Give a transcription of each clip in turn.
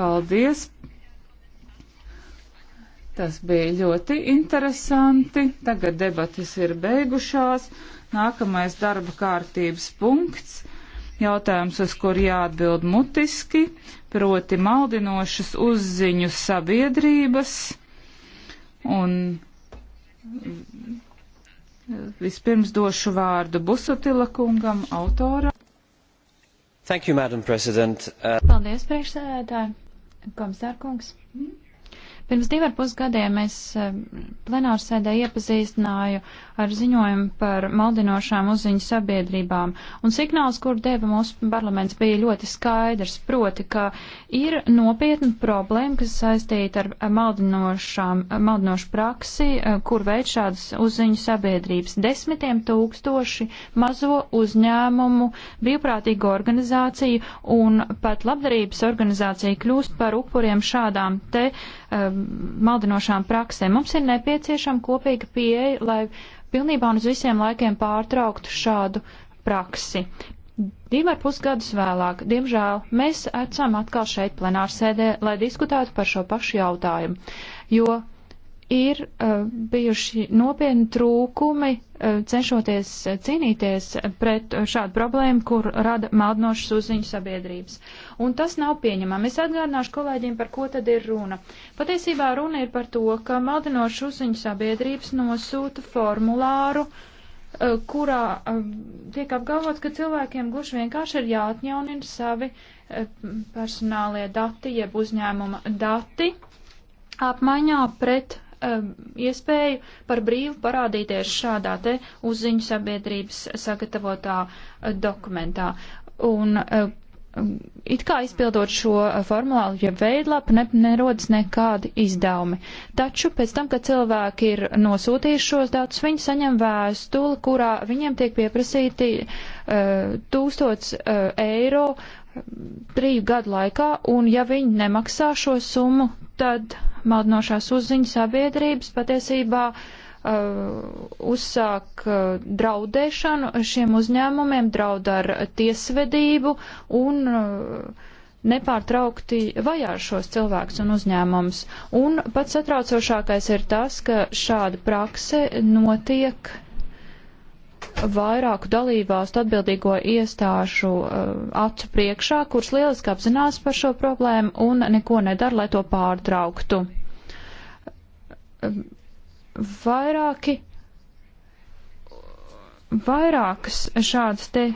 Paldies! Tas bija ļoti interesanti. Tagad debatas ir beigušās. Nākamais darba kārtības punkts. Jautājums, uz kur jāatbild mutiski, proti maldinošas uzziņu sabiedrības. Un vispirms došu vārdu Busutila kungam, autoram. Thank you, Madam President. Uh... Paldies, priekšsēdētāji. Komisārkungs. Mm -hmm. Pirms divar pusgadiem es eh, plenārsēdē iepazīstināju ar ziņojumu par maldinošām uzziņu sabiedrībām, un signāls, kur deva mūsu parlaments, bija ļoti skaidrs, proti, ka ir nopietna problēma, kas saistīta ar maldinošām, maldinošu praksi, eh, kur veid šādas uzziņu sabiedrības. Desmitiem tūkstoši mazo uzņēmumu, brīvprātīgu organizāciju un pat labdarības organizāciju kļūst par upuriem šādām te um, maldinošām praksēm. Mums ir nepieciešama kopīga pieeja, lai pilnībā un uz visiem laikiem pārtrauktu šādu praksi. Divi ar pusgadus vēlāk, diemžēl, mēs esam atkal šeit plenārsēdē, lai diskutētu par šo pašu jautājumu, jo ir uh, bijuši nopietni trūkumi uh, cenšoties eh, cīnīties pret šādu problēmu, kur rada maldinošas uzziņas sabiedrības. Un tas nav pieņemami. Es atgādināšu kolēģiem, par ko tad ir runa. Patiesībā runa ir par to, ka maldinošas uzziņas sabiedrības nosūta formulāru uh, kurā tiek apgalvots, ka cilvēkiem gluži vienkārši ir jāatjaunina savi personālie dati, jeb uzņēmuma dati, apmaiņā pret um, iespēju par brīvu parādīties šādā te uzziņu sabiedrības sagatavotā uh, dokumentā. Un, uh, It kā izpildot šo uh, formulālu, ja veidlapu ne, nerodas nekādi izdevumi. Taču pēc tam, kad cilvēki ir nosūtījuši šos datus, viņi saņem vēstuli, kurā viņiem tiek pieprasīti uh, tūstots uh, eiro uh, triju gadu laikā, un ja viņi nemaksā šo summu, tad maldinošās uzziņas sabiedrības patiesībā uh, uzsāk uh, draudēšanu šiem uzņēmumiem, draud ar tiesvedību un uh, nepārtraukti vajā šos cilvēkus un uzņēmumus. Un pats satraucošākais ir tas, ka šāda prakse notiek vairāku dalībvalstu atbildīgo iestāšu uh, eh, acu priekšā, kuras lieliski apzinās par šo problēmu un neko nedara, lai to pārtrauktu. Vairāki, vairākas šādas te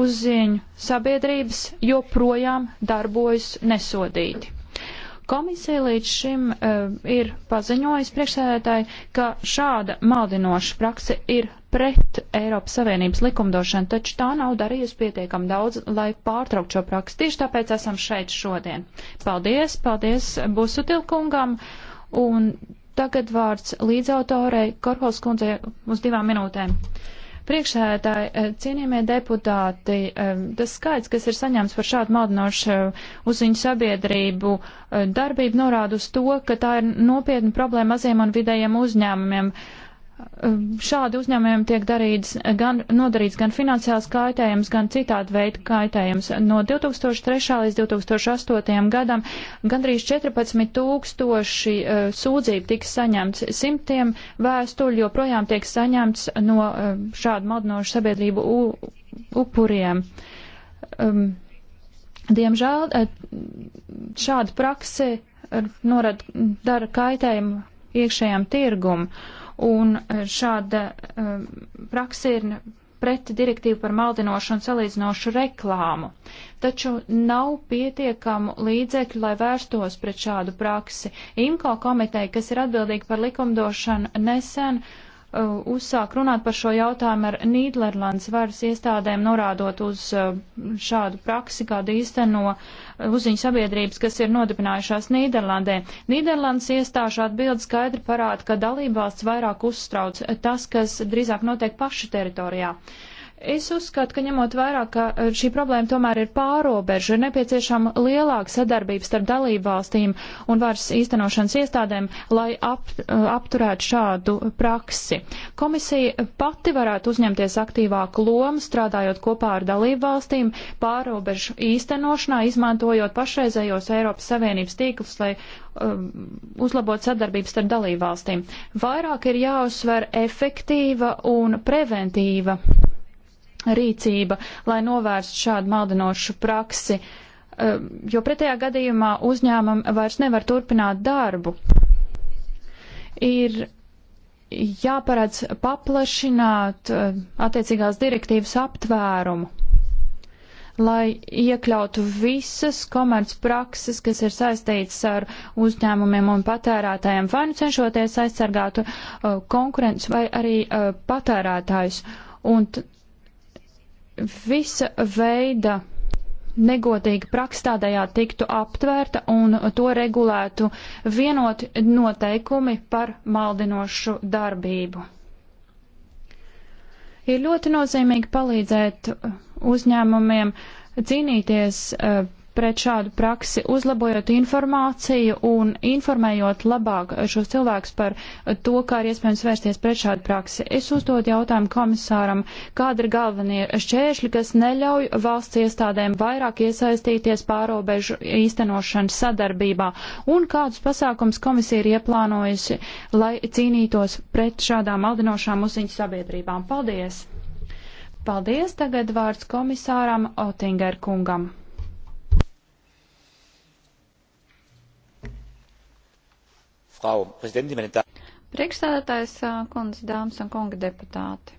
uzzieņu sabiedrības joprojām darbojas nesodīti. Komisija līdz šim uh, ir paziņojusi priekšsēdētāji, ka šāda maldinoša prakse ir pret Eiropas Savienības likumdošanu, taču tā nav darījusi pietiekam daudz, lai pārtraukt šo praksi. Tieši tāpēc esam šeit šodien. Paldies, paldies Busutilkungam. Un tagad vārds līdzautorei Korhols kundzei uz divām minūtēm. Priekšsēdētāji, eh, cienījamie deputāti, eh, tas skaits, kas ir saņemts par šādu maldinošu eh, uziņu sabiedrību, darbību norāda uz to, ka tā ir nopietna problēma maziem un vidējiem uzņēmumiem. Uh, Um, šādi uzņēmējiem tiek darīts gan, nodarīts gan finansiāls kaitējums, gan citādi veidi kaitējums. No 2003. līdz 2008. gadam gandrīz 14 tūkstoši uh, sūdzību tika saņemts, simtiem vēstuļu joprojām tiek saņemts no uh, šādu maldinošu sabiedrību u, upuriem. Um, diemžēl uh, šāda prakse uh, norad, dara kaitējumu iekšējām tirgumu un e, šāda um, praksa ir pret direktīvu par maldinošu un salīdzinošu reklāmu, taču nav pietiekamu līdzekļu, lai vērstos pret šādu praksi. IMKO komiteja, kas ir atbildīga par likumdošanu, nesen uh, Uh, uzsāk runāt par šo jautājumu ar Nīderlandes varas iestādēm, norādot uz uh, šādu praksi, kādu īsteno uh, uzziņu sabiedrības, kas ir nodibinājušās Nīderlandē. Nīderlandes iestāžu atbildi skaidri parāda, ka dalībvalsts vairāk uzstrauc tas, kas drīzāk notiek paša teritorijā. Uh, Es uzskatu, ka ņemot vērā, ka šī problēma tomēr ir pārobeža, ir nepieciešama lielāka sadarbība starp dalību valstīm un varas īstenošanas iestādēm, lai ap, apturētu šādu praksi. Komisija pati varētu uzņemties aktīvāku lomu, strādājot kopā ar dalību valstīm pārobežu īstenošanā, izmantojot pašreizējos Eiropas Savienības tīklus, lai um, uzlabot sadarbības starp dalību valstīm. Vairāk ir jāuzsver efektīva un preventīva rīcība, lai novērstu šādu maldinošu praksi, ehm, jo pretējā gadījumā uzņēmumi vairs nevar turpināt darbu. Ir jāparedz paplašināt ehm, attiecīgās direktīvas aptvērumu, lai iekļautu visas komercprakses, kas ir saistītas ar uzņēmumiem un patērētājiem, vai nu cenšoties aizsargāt ehm, konkurentus vai arī patērētājus. Un visa veida negodīga praksa tādējā tiktu aptvērta un to regulētu vienoti noteikumi par maldinošu darbību. Ir ļoti nozīmīgi palīdzēt uzņēmumiem cīnīties uh, pret šādu praksi, uzlabojot informāciju un informējot labāk šos cilvēkus par to, kā ir iespējams vērsties pret šādu praksi. Es uzdot jautājumu komisāram, kāda ir galvenie šķēršļi, kas neļauj valsts iestādēm vairāk iesaistīties pārobežu īstenošanas sadarbībā, un kādus pasākums komisija ir ieplānojusi, lai cīnītos pret šādām maldinošām uziņu sabiedrībām. Paldies! Paldies! Tagad vārds komisāram Otingerkungam. Frau Präsidentin, meine Damen. Priekšstādātājs kundze, dāmas un kunga deputāti.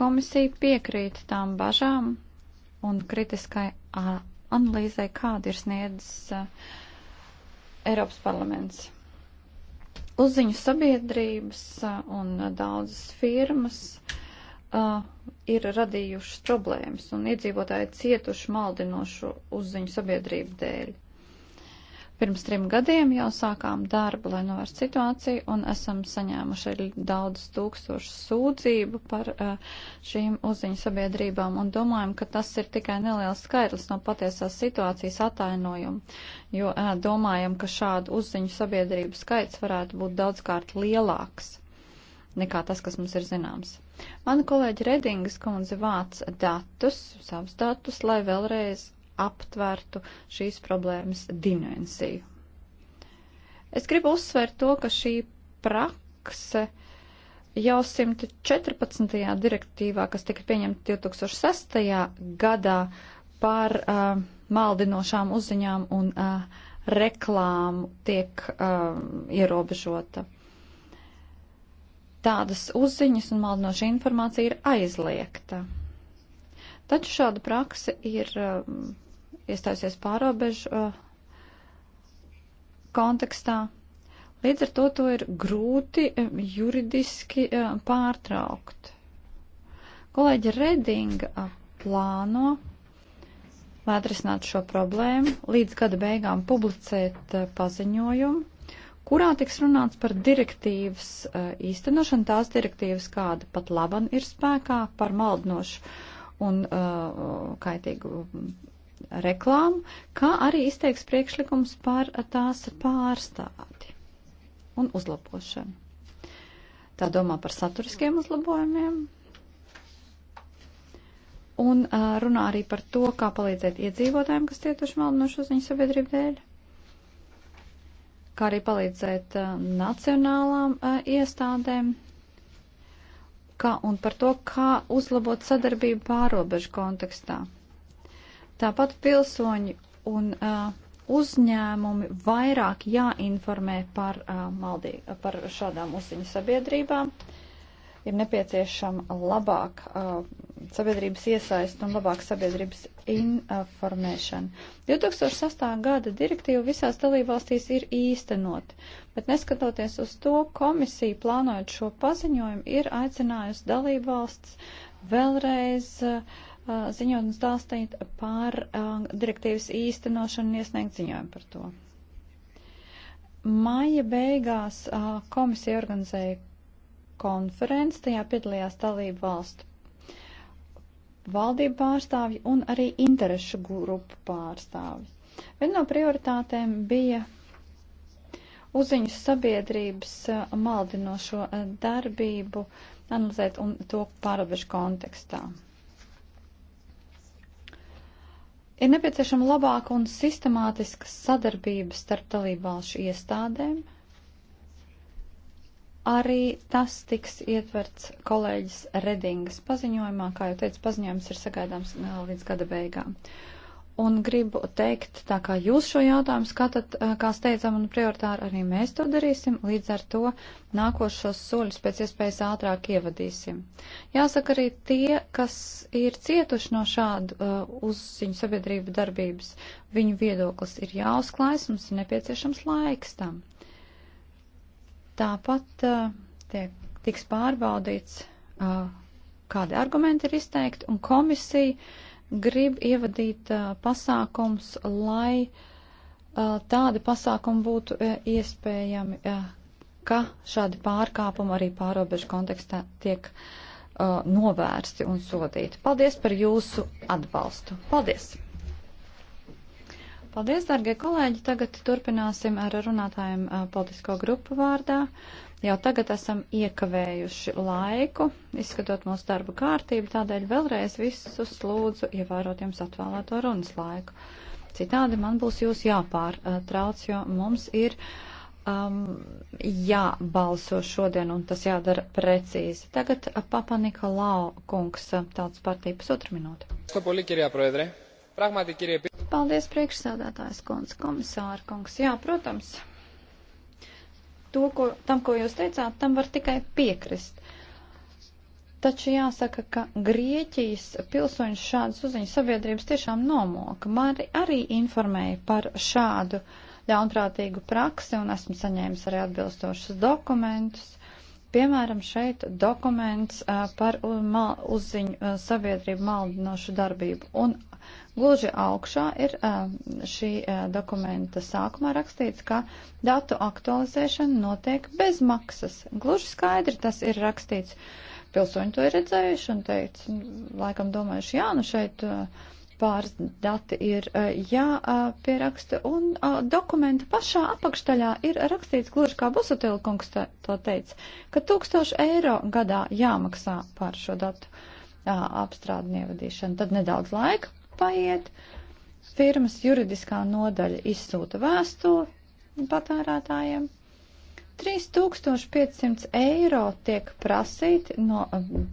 Komisija piekrīt tām bažām un kritiskai analīzē, kāda ir sniedzis Eiropas parlaments. Uzziņu sabiedrības un daudzas firmas uh, ir radījušas problēmas un iedzīvotāji cietuši maldinošu uzziņu sabiedrību dēļ. Pirms trim gadiem jau sākām darbu, lai novērstu situāciju, un esam saņēmuši daudz tūkstošu sūdzību par eh, šīm uziņu sabiedrībām, un domājam, ka tas ir tikai neliels skaidrs no patiesās situācijas atainojuma, jo eh, domājam, ka šādu uziņu sabiedrību skaits varētu būt daudzkārt lielāks nekā tas, kas mums ir zināms. Mana kolēģa Redingas kundze vāc datus, savus datus, lai vēlreiz aptvertu šīs problēmas dimensiju. Es gribu uzsvērt to, ka šī prakse jau 114. direktīvā, kas tika pieņemta 2006. gadā par uh, maldinošām uzziņām un uh, reklāmu, tiek uh, ierobežota. Tādas uzziņas un maldinoša informācija ir aizliegta. Taču šāda praksa ir. Uh, iestājusies pārobežu uh, kontekstā. Līdz ar to to ir grūti uh, juridiski uh, pārtraukt. Kolēģi Redinga uh, plāno, lai atrisinātu šo problēmu, līdz gada beigām publicēt uh, paziņojumu, kurā tiks runāts par direktīvas uh, īstenošanu, tās direktīvas, kāda pat laban ir spēkā par maldinošu un uh, kaitīgu reklāmu, kā arī izteiks priekšlikums par tās pārstādi un uzlabošanu. Tā domā par saturiskiem uzlabojumiem un uh, runā arī par to, kā palīdzēt iedzīvotājiem, kas cietuši maldinošu uzziņu sabiedrību dēļ, kā arī palīdzēt uh, nacionālām uh, iestādēm kā un par to, kā uzlabot sadarbību pārobežu kontekstā. Tāpat pilsoņi un uh, uzņēmumi vairāk jāinformē par, uh, maldī, par šādām uzziņu sabiedrībām. Ir nepieciešama labāk uh, sabiedrības iesaist un labāk sabiedrības informēšana. 2008. gada direktīva visās dalībvalstīs ir īstenot, bet neskatoties uz to, komisija plānojot šo paziņojumu ir aicinājusi dalībvalsts vēlreiz uh, Uh, ziņot un stāstīt par uh, direktīvas īstenošanu un iesniegt ziņojumu par to. Maija beigās uh, komisija organizēja konferenci, tajā piedalījās dalību valstu valdību pārstāvji un arī interešu grupu pārstāvji. Viena no prioritātēm bija uziņas sabiedrības maldinošo darbību analizēt un to pārobežu kontekstā. Ir nepieciešama labāka un sistemātiska sadarbība starp dalībvalšu iestādēm. Arī tas tiks ietverts kolēģis Redingas paziņojumā, kā jau teicu, paziņojums ir sagaidāms uh, līdz gada beigām. Uh, Un gribu teikt, tā kā jūs šo jautājumu skatāt, kā steidzam un prioritāri arī mēs to darīsim, līdz ar to nākošos soļus pēc iespējas ātrāk ievadīsim. Jāsaka arī tie, kas ir cietuši no šādu uh, uzziņu sabiedrību darbības, viņu viedoklis ir jāuzklājas, mums ir nepieciešams laiks tam. Tāpat uh, tiek, tiks pārbaudīts, uh, kādi argumenti ir izteikti, un komisija. Uh, grib ievadīt uh, pasākums, lai uh, tādi pasākumi būtu uh, iespējami, uh, ka šādi pārkāpumi arī pārobežu kontekstā tiek uh, novērsti un sodīti. Paldies par jūsu atbalstu. Paldies! Paldies, dargie kolēģi! Tagad turpināsim ar runātājiem uh, politisko grupu vārdā. Jau tagad esam iekavējuši laiku, izskatot mūsu darba kārtību, tādēļ vēlreiz visus lūdzu ievērot jums atvēlēto runas laiku. Citādi man būs jūs jāpārtrauc, jo mums ir um, jābalso šodien un tas jādara precīzi. Tagad uh, Papa Nikolau kungs, uh, tautas partija, pusotra minūte. Paldies, priekšsēdētājs kundze, komisāra kungs. Jā, protams to, ko, tam, ko jūs teicāt, tam var tikai piekrist. Taču jāsaka, ka Grieķijas pilsoņu šādas uzziņas sabiedrības tiešām nomoka. Man arī informēja par šādu ļaunprātīgu praksi un esmu saņēmis arī atbilstošus dokumentus. Piemēram, šeit dokuments par uzziņu sabiedrību maldinošu darbību. Un gluži augšā ir šī dokumenta sākumā rakstīts, ka datu aktualizēšana notiek bez maksas. Gluži skaidri tas ir rakstīts. Pilsoņi to ir redzējuši un teica, laikam domājuši, jā, nu šeit uh, pāris dati ir eh, jāpieraksta, un eh, dokumenta pašā apakštaļā ir rakstīts, gluži kā Busutila kungs to teica, ka tūkstoši eiro gadā jāmaksā par šo datu eh, apstrādi ievadīšanu. Tad nedaudz laika paiet, firmas juridiskā nodaļa izsūta vēstuli patērētājiem. 3500 eiro tiek prasīti no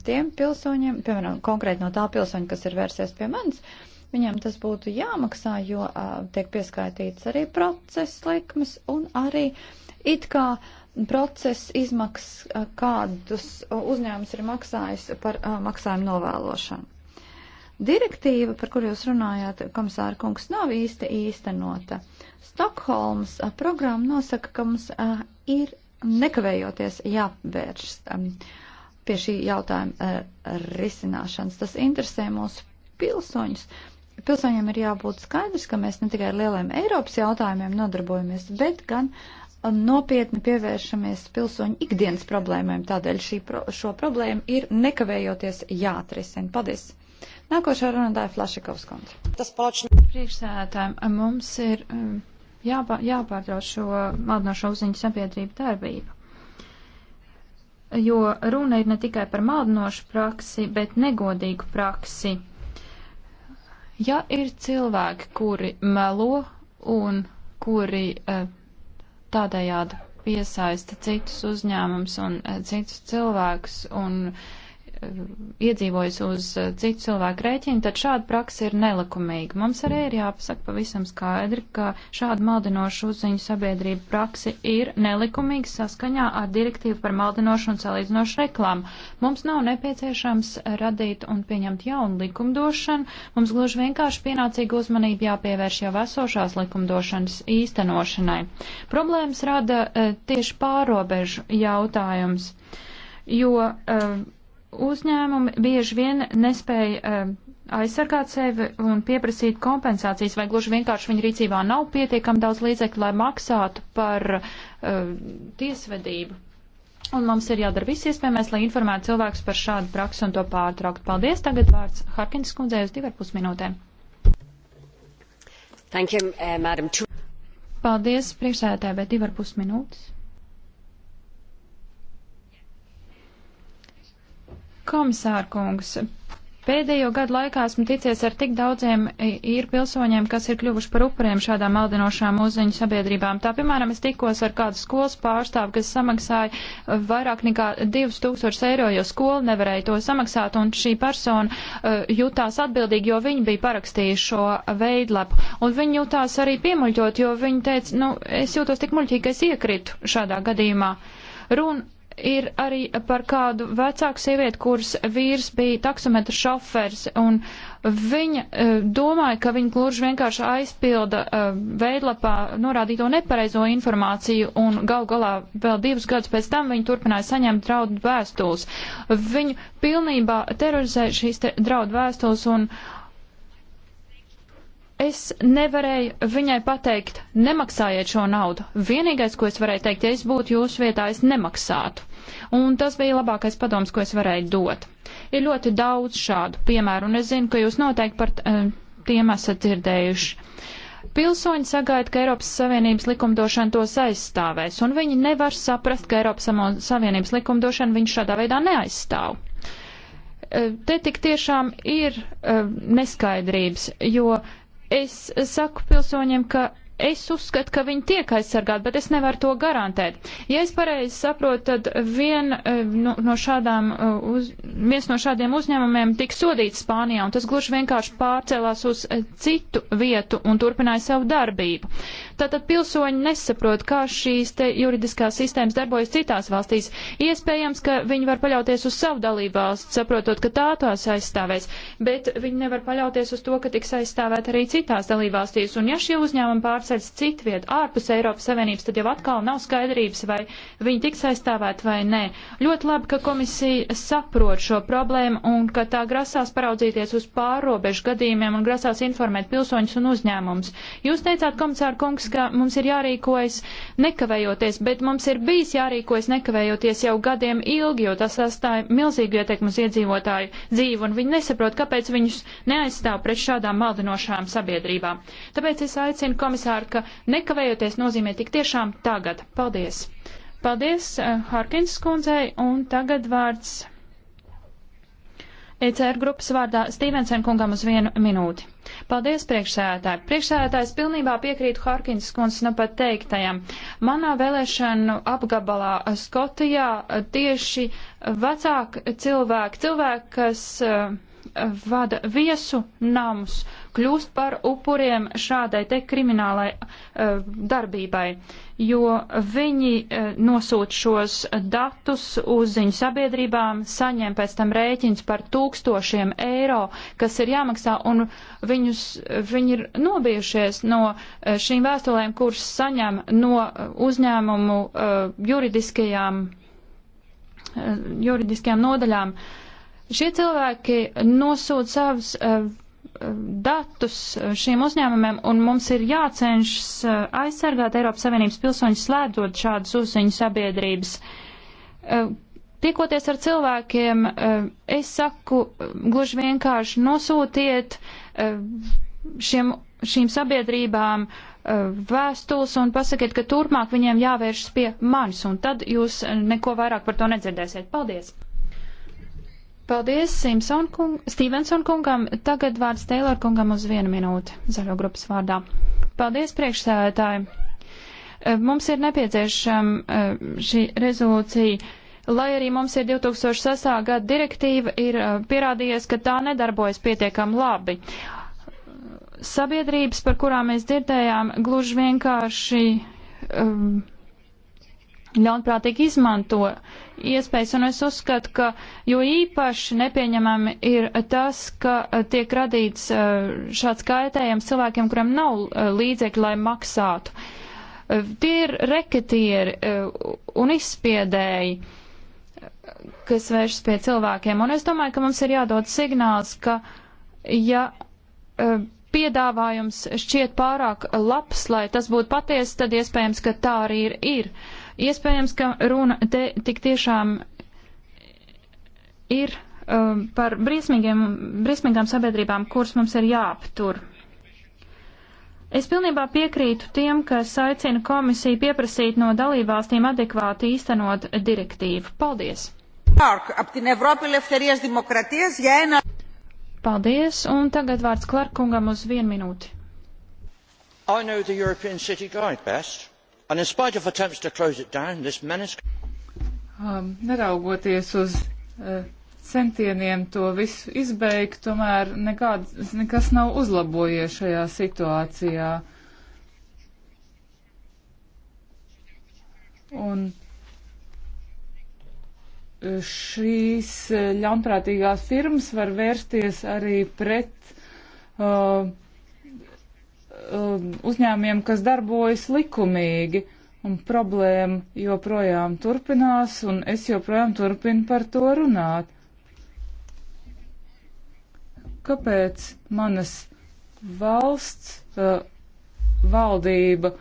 tiem pilsoņiem, piemēram, konkrēti no tā pilsoņa, kas ir vērsies pie manis, uh, Viņam tas būtu jāmaksā, jo uh, tiek pieskaitīts arī procesa likmes un arī it kā procesa izmaksas, uh, kādus uzņēmums ir maksājis par uh, maksājumu novēlošanu. Direktīva, par kur jūs runājāt, komisāra kungs, nav īsti īstenota. Stokholmas programma nosaka, ka mums uh, ir nekavējoties jāvērš um, pie šī jautājuma uh, risināšanas. Tas interesē mūsu pilsoņus pilsoņiem ir jābūt skaidrs, ka mēs ne tikai ar lieliem Eiropas jautājumiem nodarbojamies, bet gan nopietni pievēršamies pilsoņu ikdienas problēmēm. Tādēļ šī, pro, šo problēmu ir nekavējoties jāatrisina. Paldies! Nākošā runātāja Flašikovs kundze. Tas palačina. Priekšsēdētājiem mums ir um, jāpā, jāpārtrauc šo maldinošo uziņu sabiedrību darbību. Jo runa ir ne tikai par maldinošu praksi, bet negodīgu praksi. Uh, Ja ir cilvēki, kuri melo un kuri e, tādējādi piesaista citus uzņēmums un e, citus cilvēkus un uh, iedzīvojas uz eh, citu cilvēku rēķinu, tad šāda praksa ir nelikumīga. Mums arī ir jāpasaka pavisam skaidri, ka šāda maldinošu uzziņu sabiedrība praksi ir nelikumīga saskaņā ar direktīvu par maldinošu un salīdzinošu reklāmu. Mums nav nepieciešams radīt un pieņemt jaunu likumdošanu, mums gluži vienkārši pienācīga uzmanība jāpievērš jau esošās likumdošanas īstenošanai. Problēmas rada eh, tieši pārobežu jautājums, jo uh, uzņēmumi bieži vien nespēja uh, aizsargāt sevi un pieprasīt kompensācijas, vai gluži vienkārši viņu rīcībā nav pietiekami daudz līdzekļu, lai maksātu par uh, tiesvedību. Un mums ir jādara viss iespējamais, lai informētu cilvēkus par šādu praksu un to pārtraukt. Paldies. Tagad vārds Harkins kundzei uz divar pusminūtēm. Thank you, uh, madam. Paldies, priekšsēdētāji, bet divar pusminūtes. Komisārkungs, pēdējo gadu laikā esmu ticies ar tik daudziem īru pilsoņiem, kas ir kļuvuši par upuriem šādām maldinošām uzziņu sabiedrībām. Tā, piemēram, es tikos ar kādu skolas pārstāvu, kas samaksāja uh, vairāk nekā 2000 eiro, jo skola nevarēja to samaksāt, un šī persona uh, jutās atbildīgi, jo viņi bija parakstījuši šo veidlapu. Un viņi jutās arī piemuļķot, jo viņi teica, nu, es jūtos tik muļķīgi, ka es iekritu šādā gadījumā. Runa ir arī par kādu vecāku sievieti, kuras vīrs bija taksometra šofers, un viņa uh, domāja, ka viņa gluži vienkārši aizpilda uh, veidlapā norādīto nepareizo informāciju, un gal galā vēl divus gadus pēc tam viņa turpināja saņemt draudu vēstules. Viņu pilnībā terorizēja šīs te draudu vēstules, un es nevarēju viņai pateikt, nemaksājiet šo naudu. Vienīgais, ko es varēju teikt, ja es būtu jūsu vietā, es nemaksātu. Un tas bija labākais padoms, ko es varēju dot. Ir ļoti daudz šādu piemēru, un es zinu, ka jūs noteikti par eh, tiem esat dzirdējuši. Pilsoņi sagaida, ka Eiropas Savienības likumdošana tos aizstāvēs, un viņi nevar saprast, ka Eiropas Savienības likumdošana viņu šādā veidā neaizstāv. Eh, te tik tiešām ir eh, neskaidrības, jo es saku pilsoņiem, ka es uzskatu, ka viņi tiek aizsargāti, bet es nevaru to garantēt. Ja es pareizi saprotu, tad vien, eh, nu, no šādām, eh, uz, viens no šādiem uzņēmumiem tika sodīts Spānijā, un tas gluži vienkārši pārcēlās uz eh, citu vietu un turpināja savu darbību. Tātad pilsoņi nesaprot, kā šīs te juridiskās sistēmas darbojas citās valstīs. Iespējams, ka viņi var paļauties uz savu dalībvalstu, saprotot, ka tā tās aizstāvēs, bet viņi nevar paļauties uz to, ka tiks aizstāvēt arī citās dalībvalstīs. Un ja šie uzņēmumi pārceļas citviet ārpus Eiropas Savienības, tad jau atkal nav skaidrības, vai viņi tiks aizstāvēt vai nē. Ļoti labi, ka komisija saprot šo problēmu un ka tā grasās paraudzīties uz pārrobežu gadījumiem un grasās informēt pilsoņus un uzņēmumus. Jūs teicāt, komisāra kungs, Protams, ka mums ir jārīkojas nekavējoties, bet mums ir bijis jārīkojas nekavējoties jau gadiem ilgi, jo tas atstāja milzīgu ietekmu uz iedzīvotāju dzīvi, un viņi nesaprot, kāpēc viņus neaizstāv pret šādām maldinošām sabiedrībām. Tāpēc es aicinu komisāru, ka nekavējoties nozīmē tik tiešām tagad. Paldies! Paldies uh, Harkins kundzei, un tagad vārds ECR grupas vārdā Stevensen kungam uz vienu minūti. Paldies, priekšsēdētāji. Priekšsēdētājs pilnībā piekrītu Harkins kundzes nu pat teiktajam. Manā vēlēšanu apgabalā Skotijā tieši vecāki cilvēki, cilvēki, kas. Uh, vada viesu namus, kļūst par upuriem šādai te kriminālai uh, darbībai, jo viņi uh, eh, nosūt šos datus uz ziņu sabiedrībām, saņem pēc tam rēķins par tūkstošiem eiro, kas ir jāmaksā, un viņus, viņi ir nobijušies no eh, šīm vēstulēm, kuras saņem no uzņēmumu uh, juridiskajām, juridiskajām nodaļām. Uh, Šie cilvēki nosūta savus uh, datus eh, šiem uzņēmumiem, un mums ir jācenšas uh, aizsargāt Eiropas Savienības pilsoņus, slēdzot šādas uzziņu sabiedrības. Uh, Tikoties ar cilvēkiem, es saku, gluži vienkārši nosūtiet šiem, šīm sabiedrībām vēstules un pasakiet, ka turpmāk viņiem jāvēršas pie manis, un tad jūs neko vairāk par to nedzirdēsiet. Paldies! Paldies Simpson kung, Stevenson kungam. Tagad vārds Taylor kungam uz vienu minūti zaļo grupas vārdā. Paldies priekšsēdētāji. Eh, mums ir nepieciešama eh, šī rezolūcija. Lai arī mums ir 2006. gada direktīva, ir eh, pierādījies, ka tā nedarbojas pietiekam labi. Sabiedrības, par kurām mēs dzirdējām, gluži vienkārši um, ļaunprātīgi izmanto iespējas, un es uzskatu, ka jo īpaši nepieņemami ir tas, ka tiek radīts eh, šāds kaitējums cilvēkiem, kuriem nav eh, līdzekļi, lai maksātu. Eh, tie ir reketieri un izspiedēji, kas vēršas pie cilvēkiem, un es domāju, ka mums ir jādod signāls, ka ja piedāvājums šķiet pārāk labs, lai tas būtu patiesa, tad iespējams, ka tā arī ir. ir. Iespējams, ka runa te tik tiešām ir um, par briesmīgām sabiedrībām, kuras mums ir jāaptur. Es pilnībā piekrītu tiem, kas aicina komisiju pieprasīt no dalībvalstīm adekvāti īstenot direktīvu. Paldies! Paldies, un tagad vārds Klarkungam uz vienu minūti. I know the European City Guide best. And in spite of attempts to close it down, this menace... Um, neraugoties uz uh, centieniem to visu izbeigt, tomēr nekād, nekas nav uzlabojies šajā situācijā. Un uh, šīs uh, ļaunprātīgās firmas var vērsties arī pret uh, um, uzņēmiem, kas darbojas likumīgi, un problēma joprojām turpinās, un es joprojām turpinu par to runāt. Kāpēc manas valsts uh, valdība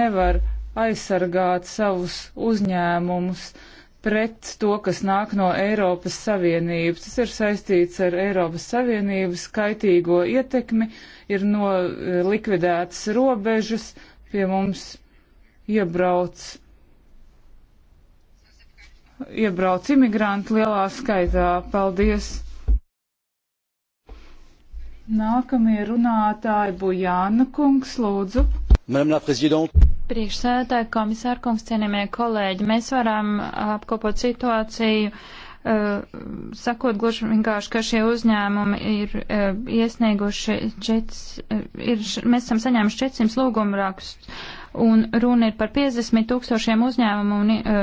nevar aizsargāt savus uzņēmumus? Uh, pret to, kas nāk no Eiropas Savienības. Tas ir saistīts ar Eiropas Savienības kaitīgo ietekmi, ir no eh, likvidētas robežas, pie mums iebrauc, iebrauc imigranti lielā skaitā. Paldies! Nākamie runātāji Bujāna kungs, lūdzu. Madame la Présidente, Priekšsēdētāji, komisārkungs, cienījamie kolēģi, mēs varam apkopot situāciju, uh, sakot gluži vienkārši, ka šie uzņēmumi ir uh, iesnieguši, čets, eh, ir, mēs esam saņēmuši 400 lūgumu rakstus un runa ir par 50 tūkstošiem uzņēmumu un uh,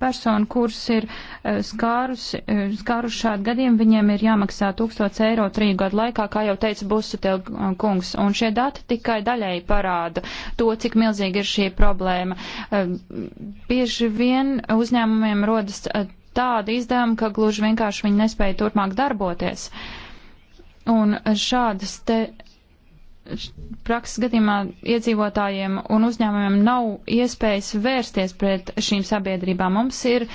personu, kuras ir uh, skārus, uh, skārus šādu gadījumu, viņiem ir jāmaksā 1000 eiro trīs gadu laikā, kā jau teica Busutel kungs. Un šie dati tikai daļēji parāda to, cik milzīga ir šī problēma. Uh, bieži vien uzņēmumiem rodas uh, tāda izdevuma, ka gluži vienkārši viņi nespēja turpmāk darboties. Un šādas te prakses gadījumā iedzīvotājiem un uzņēmumiem nav iespējas vērsties pret šīm sabiedrībām. Mums ir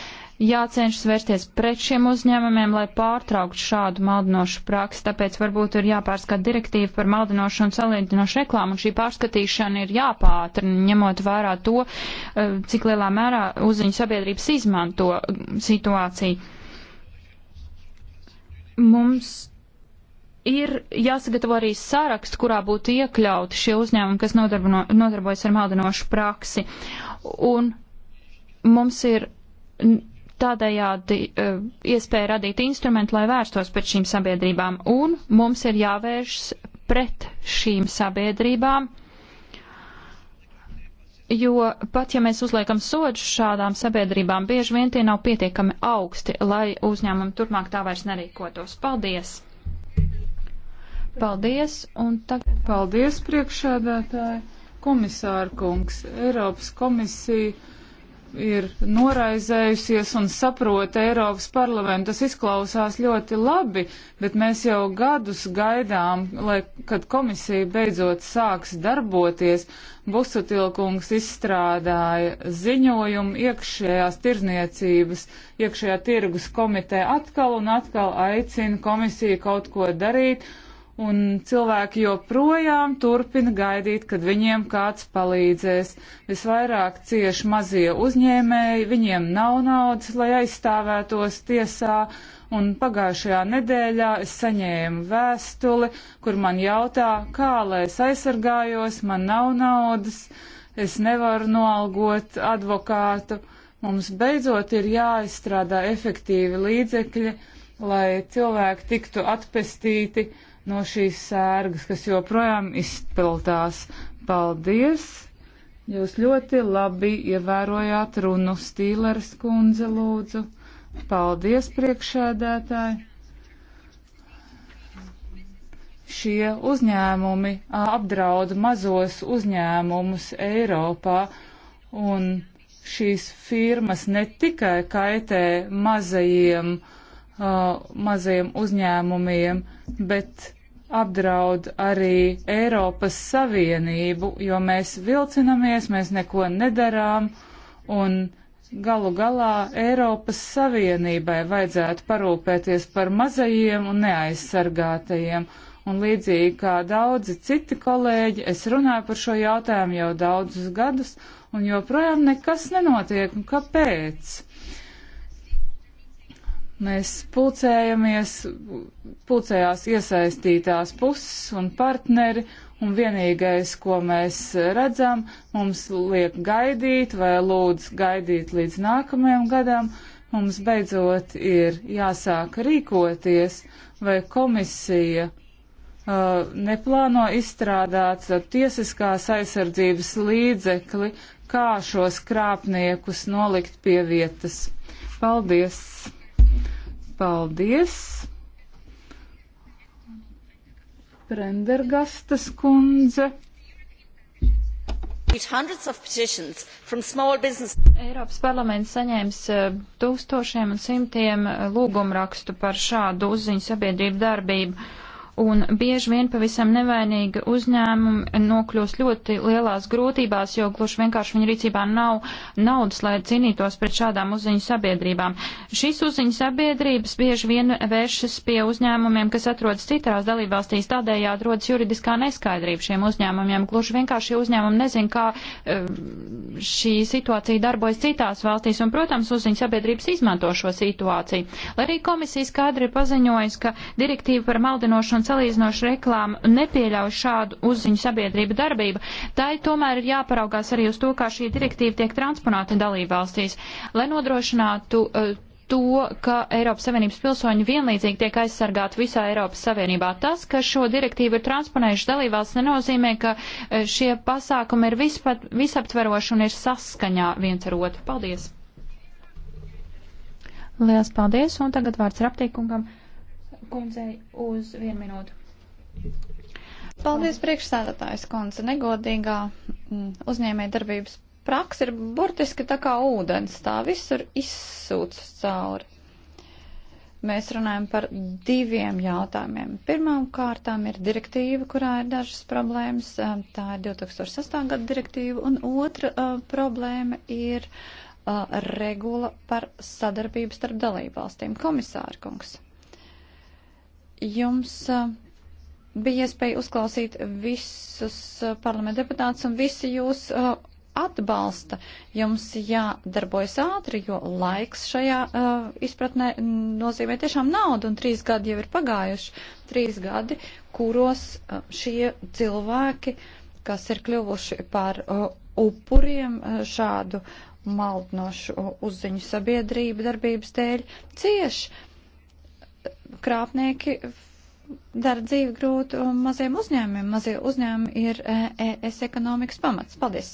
jācenšas vērsties pret šiem uzņēmumiem, lai pārtrauktu šādu maldinošu praksi. Tāpēc varbūt ir jāpārskat direktīva par maldinošu un salīdzinošu reklāmu, un šī pārskatīšana ir jāpātrina, ņemot vērā to, eh, cik lielā mērā uzziņu sabiedrības izmanto situāciju. Mums ir jāsagatavo arī saraksts, kurā būtu iekļauti šie uzņēmumi, kas nodarbino, nodarbojas ar maldinošu praksi. Un mums ir tādējādi uh, iespēja radīt instrumentu, lai vērstos pret šīm sabiedrībām. Un mums ir jāvēršas pret šīm sabiedrībām, jo pat ja mēs uzliekam sodus šādām sabiedrībām, bieži vien tie nav pietiekami augsti, lai uzņēmumi turpmāk tā vairs nerīkotos. Paldies! Paldies, un tagad. Paldies, priekšādātāji. Komisāra kungs, Eiropas komisija ir noraizējusies un saprot Eiropas parlamentu. Tas izklausās ļoti labi, bet mēs jau gadus gaidām, lai, kad komisija beidzot sāks darboties. Busutilkungs izstrādāja ziņojumu iekšējās tirzniecības, iekšējā tirgus komiteja atkal un atkal aicina komisiju kaut ko darīt un cilvēki joprojām turpina gaidīt, kad viņiem kāds palīdzēs. Visvairāk cieši mazie uzņēmēji, viņiem nav naudas, lai aizstāvētos tiesā, un pagājušajā nedēļā es saņēmu vēstuli, kur man jautā, kā lai es aizsargājos, man nav naudas, es nevaru noalgot advokātu. Mums beidzot ir jāizstrādā efektīvi līdzekļi, lai cilvēki tiktu atpestīti no šīs sērgas, kas joprojām izpildās. Paldies! Jūs ļoti labi ievērojāt runu Stīleres kundze lūdzu. Paldies, priekšēdētāji! Šie uzņēmumi apdraud mazos uzņēmumus Eiropā, un šīs firmas ne tikai kaitē mazajiem, uh, mazajiem uzņēmumiem, uh, bet apdraud arī Eiropas Savienību, jo mēs vilcinamies, mēs neko nedarām un galu galā Eiropas Savienībai vajadzētu parūpēties par mazajiem un neaizsargātajiem. Un līdzīgi kā daudzi citi kolēģi, es runāju par šo jautājumu jau daudzus gadus un joprojām nekas nenotiek. Un kāpēc? Mēs pulcējamies, pulcējās iesaistītās puses un partneri, un vienīgais, ko mēs redzam, mums liek gaidīt vai lūdz gaidīt līdz nākamajam gadam, mums beidzot ir jāsāk rīkoties, vai komisija uh, neplāno izstrādāt tiesiskās aizsardzības līdzekli, kā šos krāpniekus nolikt pie vietas. Paldies! paldies. Prendergastas kundze. Eiropas parlaments saņēmis eh, tūkstošiem un simtiem eh, lūgumrakstu par šādu uzziņu sabiedrību darbību un bieži vien pavisam nevainīgi uzņēmumi nokļūst ļoti lielās grūtībās, jo gluži vienkārši viņu rīcībā nav naudas, lai cīnītos pret šādām uzziņu sabiedrībām. Šīs uzziņu sabiedrības bieži vien vēršas pie uzņēmumiem, kas atrodas citās dalībvalstīs, tādējādi rodas juridiskā neskaidrība šiem uzņēmumiem. Gluži vienkārši uzņēmumi nezin, kā eh, šī situācija darbojas citās valstīs, un, protams, uzziņu sabiedrības izmanto šo situāciju. Lai arī komisija skaidri paziņojas, ka direktīva par maldinošanu salīdzinošu reklāmu nepieļauj šādu uzziņu sabiedrību darbību, tai tomēr ir jāparaugās arī uz to, kā šī direktīva tiek transponēta dalībvalstīs, lai nodrošinātu uh, to, ka Eiropas Savienības pilsoņi vienlīdzīgi tiek aizsargāti visā Eiropas Savienībā. Tas, ka šo direktīvu ir transponējuši dalībvalsts, nenozīmē, ka eh, šie pasākumi ir vispat, visaptveroši un ir saskaņā viens ar otru. Paldies! Lielas paldies, un tagad vārds raptīkungam kundzei uz vienu minūtu. Paldies priekšsēdētājs kundze. Negodīgā mm, uzņēmē darbības praksa ir burtiski tā kā ūdens. Tā visur izsūcas cauri. Mēs runājam par diviem jautājumiem. Pirmām kārtām ir direktīva, kurā ir dažas problēmas. Tā ir 2008. gada direktīva. Un otra uh, problēma ir uh, regula par sadarbību starp dalībvalstīm. Komisārkungs. kungs jums bija iespēja uzklausīt visus parlamenta deputātus un visi jūs atbalsta. Jums jādarbojas ātri, jo laiks šajā uh, izpratnē nozīmē tiešām naudu, un trīs gadi jau ir pagājuši. Trīs gadi, kuros uh, šie cilvēki, kas ir kļuvuši par uh, upuriem uh, šādu maldinošu uh, uzziņu sabiedrību darbības dēļ, cieši krāpnieki dara dzīvi grūtu maziem uzņēmumiem. Mazie uzņēmumi ir ES e ekonomikas pamats. Paldies!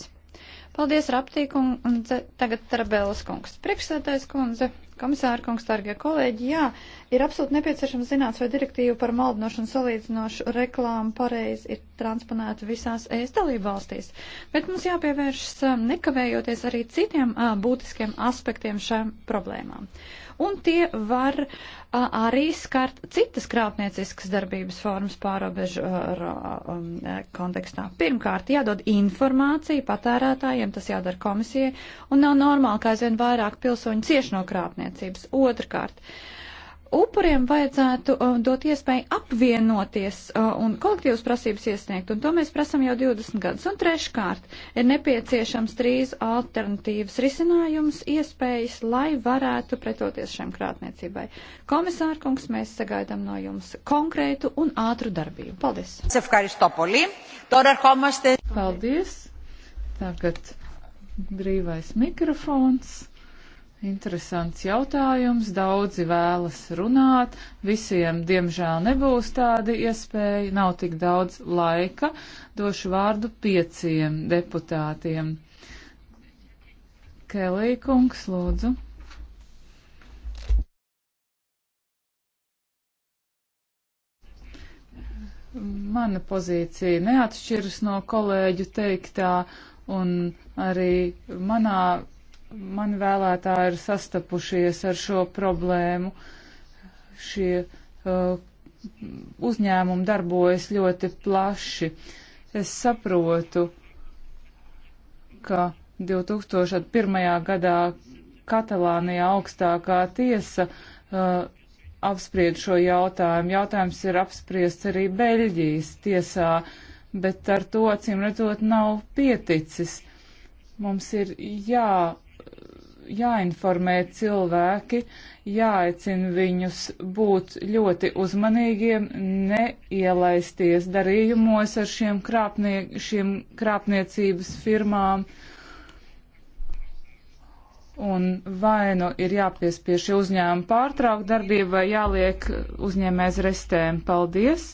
Paldies, Raptīkung, un tagad Tarabēlas kungs. Priekšsētājs kundze, komisāra kungs, targie kolēģi, jā, ir absolūti nepieciešams zināt, vai direktīva par maldinošu un salīdzinošu reklāmu pareizi ir transponēta visās ES dalību valstīs. Bet mums jāpievēršas um, nekavējoties arī citiem a, uh, būtiskiem aspektiem šiem problēmām un tie var a, arī skart citas krāpnieciskas darbības formas pārobežu a, um, a, kontekstā. Pirmkārt, jādod informācija patērētājiem, tas jādara komisijai, un nav normāli, ka aizvien vairāk pilsoņu cieši no krāpniecības. Otrkārt, a, upuriem vajadzētu uh, dot iespēju apvienoties uh, un kolektīvas prasības iesniegt, un to mēs prasam jau 20 gadus. Un treškārt, ir nepieciešams trīs alternatīvas risinājums, iespējas, lai varētu pretoties šiem krātniecībai. Komisārkungs, mēs sagaidām no jums konkrētu un ātru darbību. Paldies! Paldies! Tagad brīvais mikrofons. Interesants jautājums, daudzi vēlas runāt, visiem diemžēl nebūs tāda iespēja, nav tik daudz laika, došu vārdu pieciem deputātiem. Kelī kungs, lūdzu. Mana pozīcija neatšķiras no kolēģu teiktā, un arī manā man vēlētāji ir sastapušies ar šo problēmu. Šie uh, uzņēmumi darbojas ļoti plaši. Es saprotu, ka 2001. gadā Katalānijā augstākā tiesa uh, apspried šo jautājumu. Jautājums ir apspriests arī Beļģijas tiesā, bet ar to, acīm redzot, nav pieticis. Mums ir jā jāinformē cilvēki, jāaicina viņus būt ļoti uzmanīgiem, neielaisties darījumos ar šiem, krāpnie, šiem krāpniecības firmām. Un vai nu ir jāpiespiež šī uzņēmuma pārtraukt darbību, vai jāliek uzņēmēs restēm. Paldies!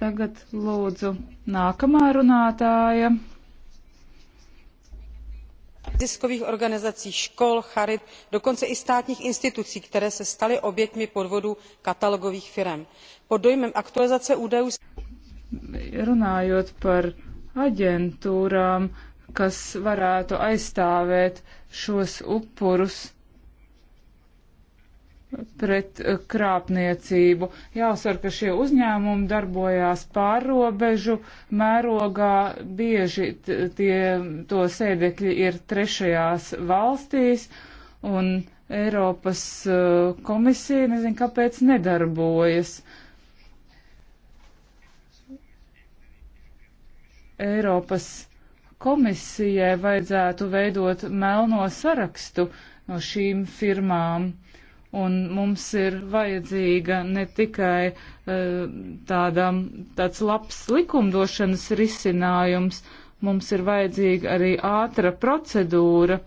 Tagad lūdzu nākamā runātāja neziskových organizací škol charit dokonce i státních institucí které se staly oběťmi podvodů katalogových firem. pod dojmem aktualizace údajů. runājot par aģentūrām kas varētu aizstāvēt šos upurus pret eh, krāpniecību. Jāsver, ka šie uzņēmumi darbojās pārrobežu mērogā, bieži tie, to sēdekļi ir trešajās valstīs, un Eiropas eh, komisija nezinu, kāpēc nedarbojas. Eiropas komisijai vajadzētu veidot melno sarakstu no šīm firmām. Uh, Un mums ir vajadzīga ne tikai eh, tādam, tāds labs likumdošanas risinājums, mums ir vajadzīga arī ātra procedūra,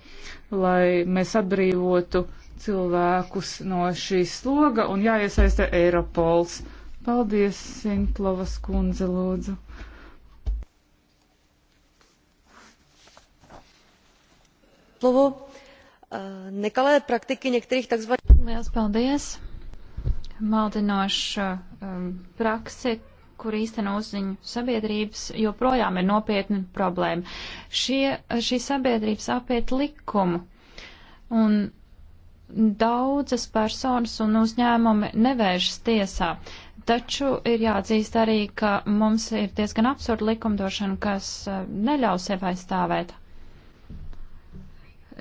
lai mēs atbrīvotu cilvēkus no šīs sloga un jāiesaista Eiropols. Paldies, Sinklovas kundze, lūdzu. Slovo Eh, nekalé praktiky některých tzv. Liels paldies! Maldinoša um, prakse, kur īsteno uzziņu sabiedrības, joprojām ir nopietna problēma. Šie, šī sabiedrības apiet likumu, un daudzas personas un uzņēmumi nevēršas tiesā. Taču ir jāatzīst arī, ka mums ir diezgan absurda likumdošana, kas eh, neļaus sev aizstāvēt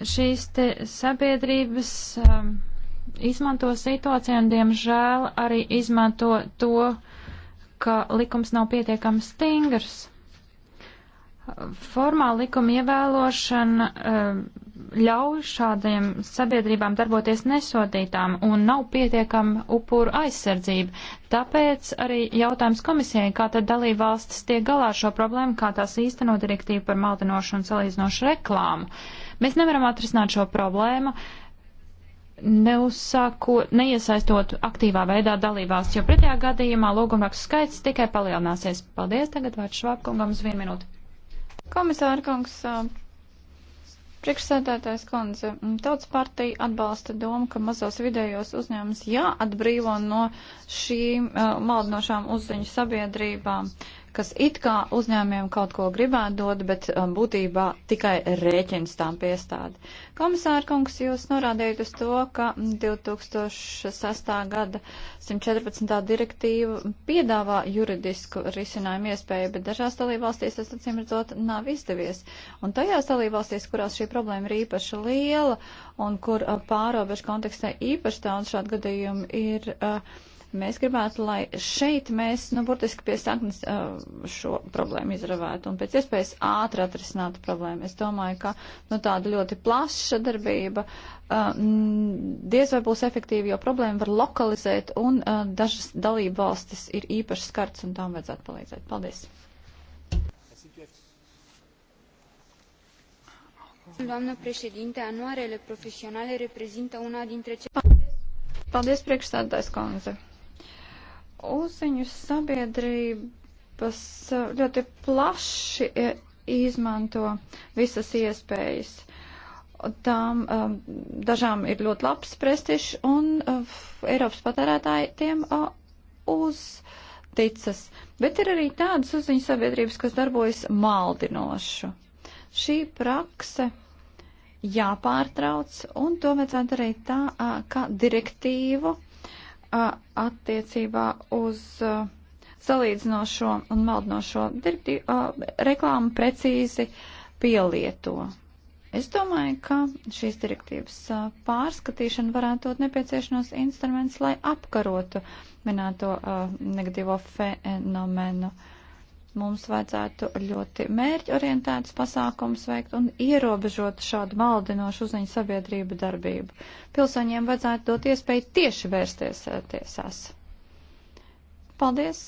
šīs te sabiedrības um, izmanto situāciju un, diemžēl, arī izmanto to, ka likums nav pietiekami stingrs. Formāla likuma ievēlošana um, ļauj šādiem sabiedrībām darboties nesodītām un nav pietiekama upuru aizsardzība. Tāpēc arī jautājums komisijai, kā tad dalībvalstis tiek galā ar šo problēmu, kā tās īsteno direktīvu par maldinošu un salīdzinošu reklāmu. Mēs nevaram atrisināt šo problēmu, neuzsāko, neiesaistot aktīvā veidā dalībvalsts, jo pretējā gadījumā lūgumrakstu skaits tikai palielināsies. Paldies, tagad vārds Švabkungam uz vienu minūti. Komisāra kungs, Priekšsēdētājs kundze, mm, tautas partija atbalsta domu, ka mazos vidējos uzņēmums jāatbrīvo no šīm uh, maldinošām uzziņu sabiedrībām. Uh, kas it kā uzņēmiem kaut ko gribētu dot, bet um, būtībā tikai rēķins tām piestādi. Komisāra kungs, jūs norādījat uz to, ka 2006. gada 114. direktīva piedāvā juridisku risinājumu iespēju, bet dažās dalībvalstīs tas acīm redzot nav izdevies. Un tajās dalībvalstīs, kurās šī problēma ir īpaši liela un kur uh, pārobežu kontekstē īpaši daudz šādu gadījumu ir. Uh, Mēs gribētu, lai šeit mēs, nu, burtiski pie saknes uh, šo problēmu izravētu un pēc iespējas ātri atrisinātu problēmu. Es domāju, ka, nu, tāda ļoti plaša darbība uh, diez vai būs efektīva, jo problēmu var lokalizēt un uh, dažas dalību valstis ir īpaši skarts un tām vajadzētu palīdzēt. Paldies! anuarele profesionale reprezintă una dintre cele Paldies, priekšstādātājs Konze. Uziņu sabiedrības eh, ļoti plaši eh, izmanto visas iespējas. Tām um, dažām ir ļoti labs prestižs, un uh, Eiropas patērētāji tiem uh, uzticas. Bet ir arī tādas uziņu sabiedrības, kas darbojas maldinošu. Šī prakse jāpārtrauc, un to vajadzētu arī tā, uh, kā direktīvu uh, attiecībā uz salīdzinošo un maldinošo direktīvu reklāmu precīzi pielieto. Es domāju, ka šīs direktīvas pārskatīšana varētu būt nepieciešamos instruments, lai apkarotu minēto negatīvo fenomenu. Uh, Mums vajadzētu ļoti mērķorientētus pasākumus veikt un ierobežot šādu maldinošu uzņu sabiedrību darbību. Pilsoņiem vajadzētu dot iespēju tieši vērsties eh, tiesās. Paldies!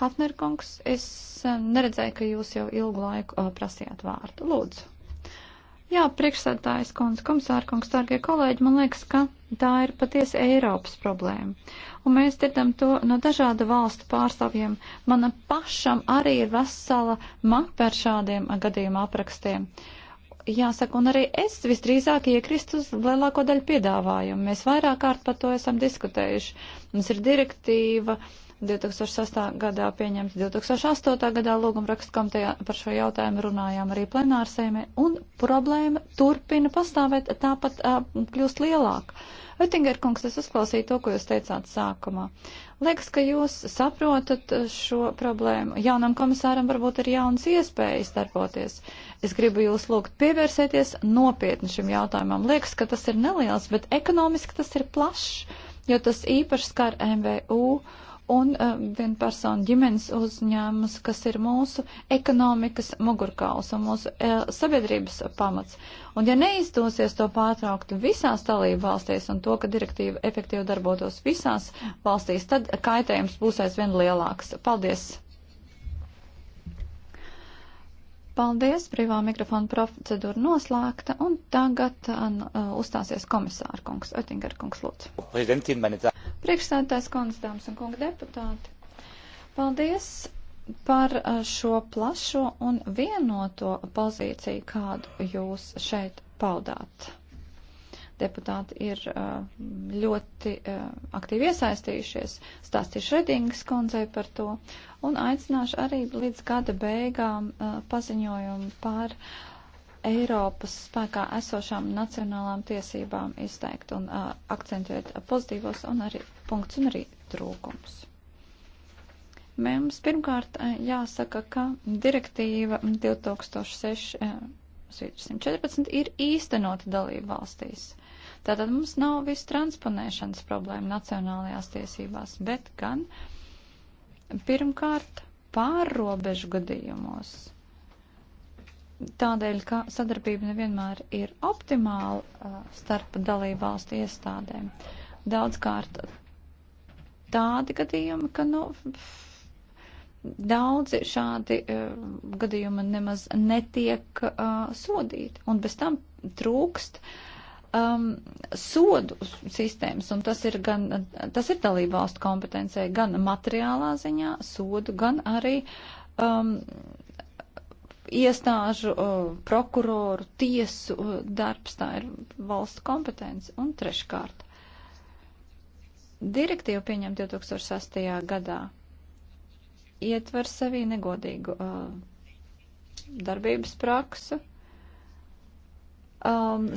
Hafner kungs, es eh, neredzēju, ka jūs jau ilgu laiku eh, prasījāt vārdu. Lūdzu! Jā, priekšsēdājas kundze, komisārkungs, dārgie kolēģi, man liekas, ka tā ir patiesi Eiropas problēma. Un mēs dzirdam to no dažādu valstu pārstāvjiem. Mana pašam arī ir vesela mape ar šādiem gadījumu aprakstiem. Jāsaka, un arī es visdrīzāk iekristu uz lielāko daļu piedāvājumu. Mēs vairāk kārt par to esam diskutējuši. Mums ir direktīva, uh, 2008. gadā pieņemts, 2008. gadā lūgumrakstu komitejā par šo jautājumu runājām arī plenārsēmē, un problēma turpina pastāvēt, tāpat uh, kļūst lielāka. Oettinger kungs, es uzklausīju to, ko jūs teicāt sākumā. Liekas, ka jūs saprotat šo problēmu. Jaunam komisāram varbūt ir jaunas iespējas darboties. Es gribu jūs lūgt pievērsēties nopietni šim jautājumam. Liekas, ka tas ir neliels, bet ekonomiski tas ir plašs, jo tas īpaši skar MVU un uh, eh, vienpersonu ģimenes uzņēmums, kas ir mūsu ekonomikas mugurkauls un mūsu uh, sabiedrības pamats. Un ja neizdosies to pārtraukt visās dalību valstīs un to, ka direktīva efektīvi darbotos visās valstīs, tad kaitējums būs aizvien lielāks. Paldies! Paldies, brīvā mikrofona procedūra noslēgta, un tagad uh, uzstāsies komisāra kungs, Oettinger kungs, lūdzu. Priekšstādātājs kundze, dāmas un kungi deputāti, paldies par uh, šo plašo un vienoto pozīciju, kādu jūs šeit paudāt deputāti ir uh, ļoti uh, aktīvi iesaistījušies. Stāstīšu Redingas kundzei par to un aicināšu arī līdz gada beigām uh, paziņojumu par Eiropas spēkā esošām nacionālām tiesībām izteikt un uh, akcentēt pozitīvos un arī punktus un arī trūkums. Mums pirmkārt jāsaka, ka direktīva 2006. 114 ir īstenota dalība valstīs. Uh, Tātad mums nav viss transponēšanas problēma nacionālajās tiesībās, bet gan pirmkārt pārrobežu gadījumos. Tādēļ, ka sadarbība nevienmēr ir optimāla uh, starp dalību valstu iestādēm. Daudzkārt tādi gadījumi, ka, nu, daudzi šādi uh, gadījumi nemaz netiek uh, sodīti. Un bez tam trūkst uh, um, sodu sistēmas, un tas ir, gan, tas ir dalība valstu kompetencija, gan materiālā ziņā sodu, gan arī um, iestāžu, uh, prokuroru, tiesu uh, darbs, tā ir valsts kompetence. Un treškārt, direktīva pieņem 2006. gadā ietver sevī negodīgu uh, darbības praksu, uh, um,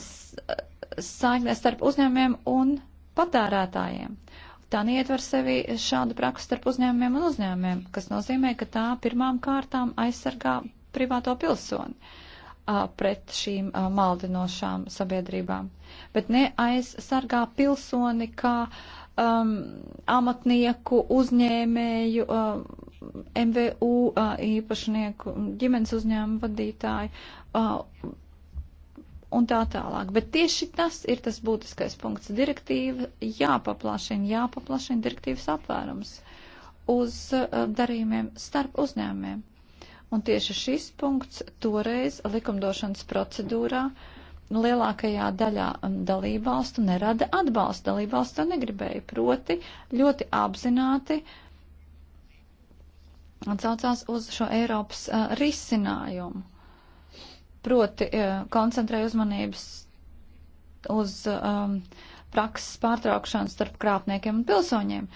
saiknē starp uzņēmumiem un patērētājiem. Tā neietver sevi šādu praksu starp uzņēmumiem un uzņēmumiem, kas nozīmē, ka tā pirmām kārtām aizsargā privāto pilsoni a, uh, pret šīm a, uh, maldinošām sabiedrībām, bet neaizsargā pilsoni kā um, amatnieku, uzņēmēju, um, uh, MVU uh, īpašnieku, ģimenes uzņēmumu vadītāju. Uh, un tā tālāk. Bet tieši tas ir tas būtiskais punkts. Direktīva jāpaplašina, jāpaplašina direktīvas apvērums uz uh, darījumiem starp uzņēmumiem. Un tieši šis punkts toreiz likumdošanas procedūrā lielākajā daļā um, dalībvalstu nerada atbalstu. Dalībvalsts to negribēja. Proti ļoti apzināti atsaucās uz šo Eiropas uh, risinājumu proti eh, koncentrēja uzmanības uz um, prakses pārtraukšanu starp krāpniekiem un pilsoņiem,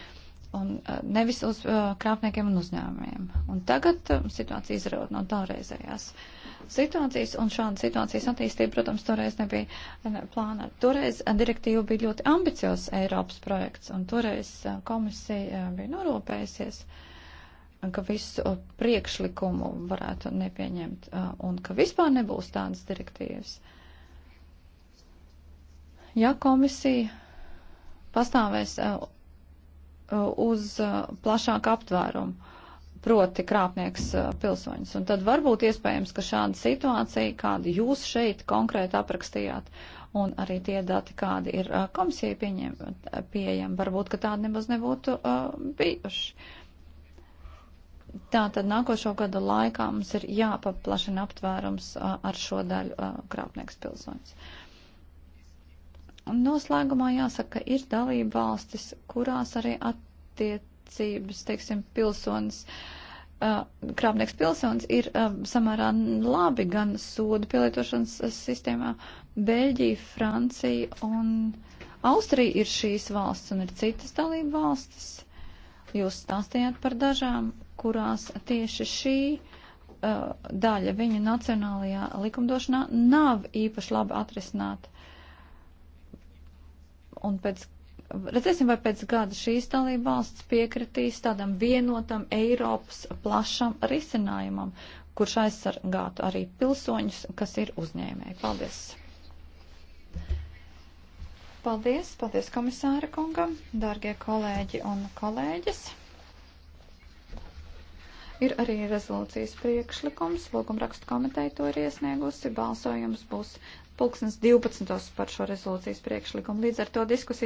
un uh, nevis uz uh, krāpniekiem un uzņēmumiem. Un tagad uh, situācija izraut no tālreizējās situācijas, un šāda situācijas attīstība, protams, toreiz nebija ne, plāna. Toreiz direktīva bija ļoti ambiciozs Eiropas projekts, un toreiz uh, komisija uh, bija norūpējusies. Uh, ka visu priekšlikumu varētu nepieņemt un ka vispār nebūs tādas direktīvas. Ja komisija pastāvēs uz plašāku aptvērumu, proti krāpnieks pilsoņus, un tad varbūt iespējams, ka šāda situācija, kādu jūs šeit konkrēti aprakstījāt, un arī tie dati, kādi ir komisija pieņem, pieejami, varbūt, ka tādi nemaz nebūtu bijuši. Uh, Tātad nākošo gadu laikā mums ir jāpaplašina aptvērums ar šo daļu krāpnieks pilsoņus. Un noslēgumā jāsaka, ka ir dalība valstis, kurās arī attiecības, teiksim, pilsonis, krāpnieks pilsonis ir samērā labi gan sodu pielietošanas sistēmā. Beļģija, Francija un Austrija ir šīs valsts un ir citas dalība valstis. Jūs stāstījāt par dažām, kurās tieši šī uh, daļa viņu nacionālajā likumdošanā nav īpaši labi atrisināta. Un pēc, redzēsim, vai pēc gada šīs dalība valsts piekritīs tādam vienotam Eiropas plašam risinājumam, kurš aizsargātu arī pilsoņus, kas ir uzņēmēji. Paldies! Paldies, paldies komisāra kungam, dārgie kolēģi un kolēģis! Ir arī rezolūcijas priekšlikums, lūgumrakstu komiteja to ir iesniegusi, balsojums būs pulksnes 12. par šo rezolūcijas priekšlikumu. Līdz ar to diskusijas.